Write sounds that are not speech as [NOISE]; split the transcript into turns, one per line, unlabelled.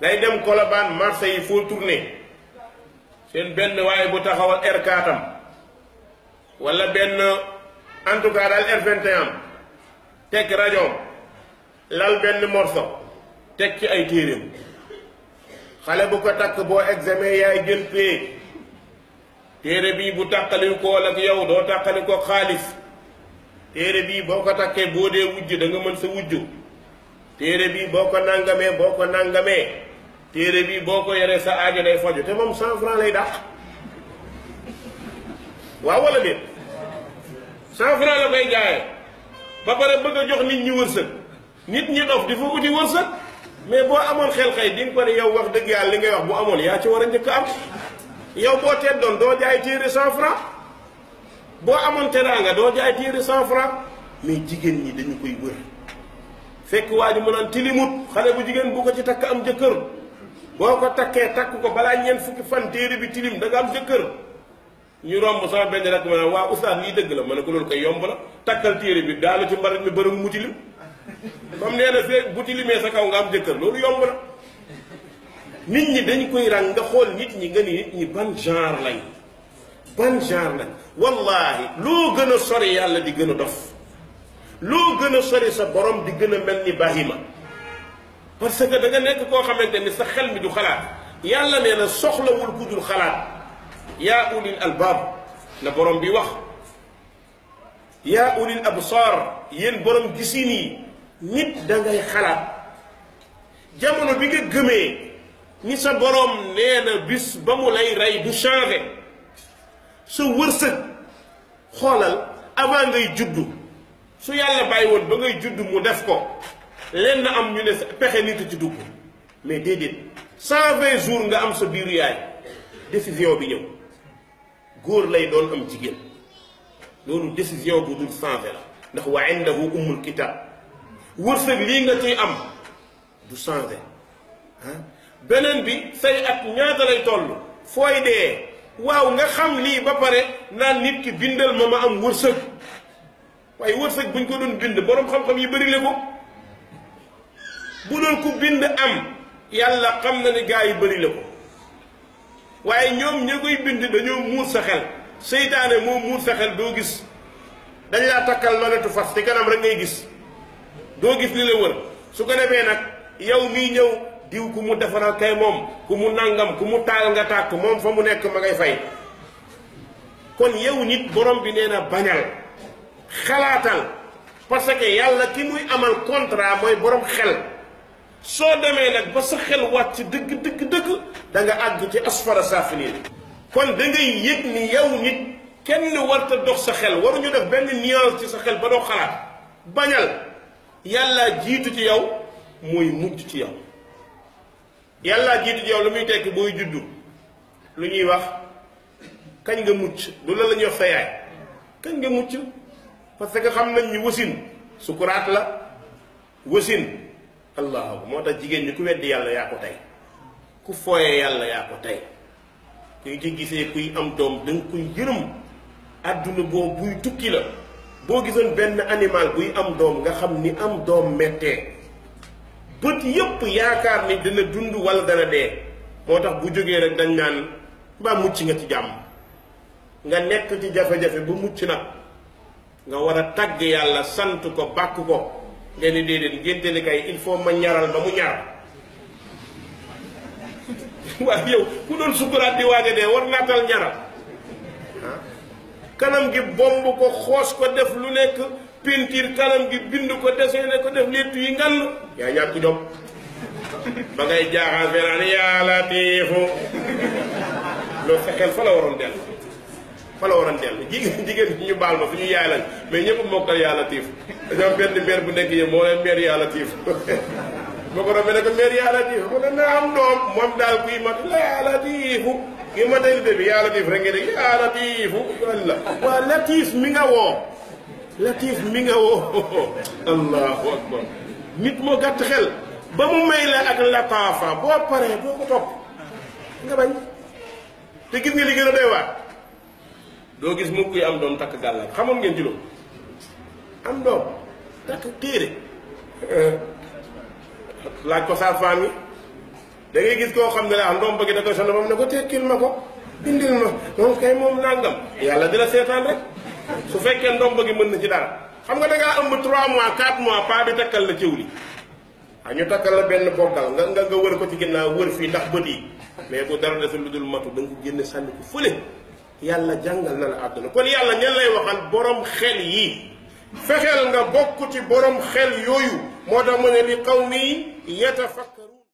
day dem kolobaan marché yi foo tourné seen benn waaye bu taxawal R4 wala benn en tout cas daal am teg rajoom lal benn morso teg ci ay téeréem xale bu ko takk boo examen yaay jël pee téere bii bu tàqali ko ak yow doo tàqali ko xaalis téere bii boo ko takkee boo dee wujj danga mën sa wujj téere bii boo ko nangamee boo ko nangamee téere bi boo ko yoree sa aajo day faju te moom cent franc lay dàq waaw wala déet cent franc la koy jaayee ba pare bëgg a jox nit ñi wërsëg nit ñi dof di fa uti wërsëg mais boo amoon xel xëy di ko ne yow wax dëgg yàlla li ngay wax bu amoon yaa ci war a njëkk am yow boo teet doon doo jaay téere cent franc boo amoon teraanga doo jaay téere cent franc mais jigéen ñi dañu koy wër fekk waa ji mu naan tilimut xale bu jigéen bu ko ci takk am jëkkër boo ko takkee takk ko balaa ñeent fukki fan téere bi tilim danga nga am jëkkër ñu romb sama benn rek ma ne waa oustaz lii dëgg la ma ne ko loolu koy yomb la takkal téere bi daal ci mbarit mi bërëb mu tilim comme nee na fee bu tilimee sa kaw nga am jëkkër loolu yomb la nit ñi dañ koy ràng nga xool nit ñi nga ni nit ñi ban genre lañ ban genre lañ wallaahi loo gën a sori yàlla di gën a dof loo gën a sori sa borom di gën a mel ni bahima parce que da nga nek ko xamanteni sa xel mi du khalat yàlla neena soxla wul ku dul khalat ya ulil albab la borom bi wax ya ulil absar yen borom gisini nit da ngay khalat jamono bi nga geume ni sa borom neena bis ba mu lay ray du changer su wërsëg xolal avant ngay juddu su yàlla bàyyi ba ngay juddu mu def ko leen na am ñu ne pexe nit ci dugg mais déedéet cent vingt jours nga am sa biiru yaay décision bi ñëw góor lay doon am jigéen loolu décision bu dul cent vingt la ndax wa indahu ummul kitab wërsëg lii nga ciy am du cent vingt ah beneen bi say at ñaata lay toll fooy dee waaw nga xam lii ba pare naan nit ki bindal ma ma am wërsëg waaye wërsëg buñ ko doon bind boroom xam-xam yi bëri la ko bu doon ku bind am yàlla xam na ni gaa yi bari la ko waaye ñoom ña koy bind dañoo muur sa xel seytaane moo muur sa xel doo gis dañ laa takkal lonetu fas te kanam rek ngay gis doo gis li la wër su ko defee nag yow miy ñëw diw ku mu defaral kay moom ku mu nangam ku mu taal nga tàkk moom fa mu nekk ma ngay fay kon yow nit borom bi nee na bañal xalaatal parce que yàlla ki muy amal contrat mooy borom xel soo demee nag ba sa xel wàcc dëgg dëgg dëgg da nga àgg ci asfara saafiliin kon da ngay yëg ni yow nit kenn warta dox sa xel waruñu def benn nuance ci sa xel ba doo xalaat bañal yàlla jiitu ci yow mooy mujj ci yow yàlla jiitu ci yow lu muy tekki booy juddu lu ñuy wax kañ nga mucc lu la la ñuy kañ nga mucc parce que xam nañ ni wasin sukuraat la wasin allahu moo tax jigéen ñi ku weddi yàlla yaa ko tey ku fooyee yàlla yaa ko tey kuy ci gisee kuy am doom danga koy yërëm àdduna boo buy tukki la boo gisoon benn animal buy am doom nga xam ni am doom mettee bët yépp yaakaar ni dana dund wala dana dee moo tax bu jógee rek dañ naan mbaa mucc nga ci jàmm nga nekk ci jafe-jafe bu mucc nag nga war a tàgg yàlla sant ko bàkk ko nga ni déedéet ngénte li kay il faut ma ñaral ba mu ñaar [LAUGHS] waaw yow ku doon sukuraat di waaja dee war naatal ñaral ah. kanam gi bomb ko xoos ko def lu nekk peinture kanam gi bind ko dessiné ko def léttu yi ngan yaa ñàkk jom ba ngay jaaxaan fee naan yaa [LAUGHS] loolu xel fa la waroon dellu fa la war a dellu jigéen jigéen ñu baal ma suñu yaay lañ mais ñëpp mokkal yàlla tiif dañoo benn mère bu nekk yi moo leen mère yàlla tiif [LAUGHS] ma ko romee ne ko mère yàlla tiif mu ne naa am doom moom yàlla tiif rek ngeen ne yàlla tiifu mi nga woo latif mi nga woo [LAUGHS] allahu akbar nit moo gàtt xel ba mu may la ak lataafa boo paree boo ko topp nga bañ te gis nga li gën a doy waar doo gis mu yi am doom takk gàllaaj xamoon ngeen ci loolu am doom takk téere [LAUGHS] laaj ko sa femme yi da ngay gis koo xam ne daa ndoom bëgg da koy sonal moom ne ko tekkil ma ko bindil ma moom kay moom nangam yàlla dina seetaan rek su fekkee ndoom gi mën na ci dara xam nga da ngaa ëmb 3 mois 4 mois pas bi takkal la ciw li ah ñu takkal la benn bokkal nga nga nga wër ko ci ginnaaw wër fii ndax bët yi mais bu dara desul lu dul matu da ko génne sànni ko fële. يالا جانغال نال ادنا كون يالا نيل لاي وخال بوروم يي فخيل nga بوكو تي بوروم خيل يويو مودا من لي قومي يتفكرون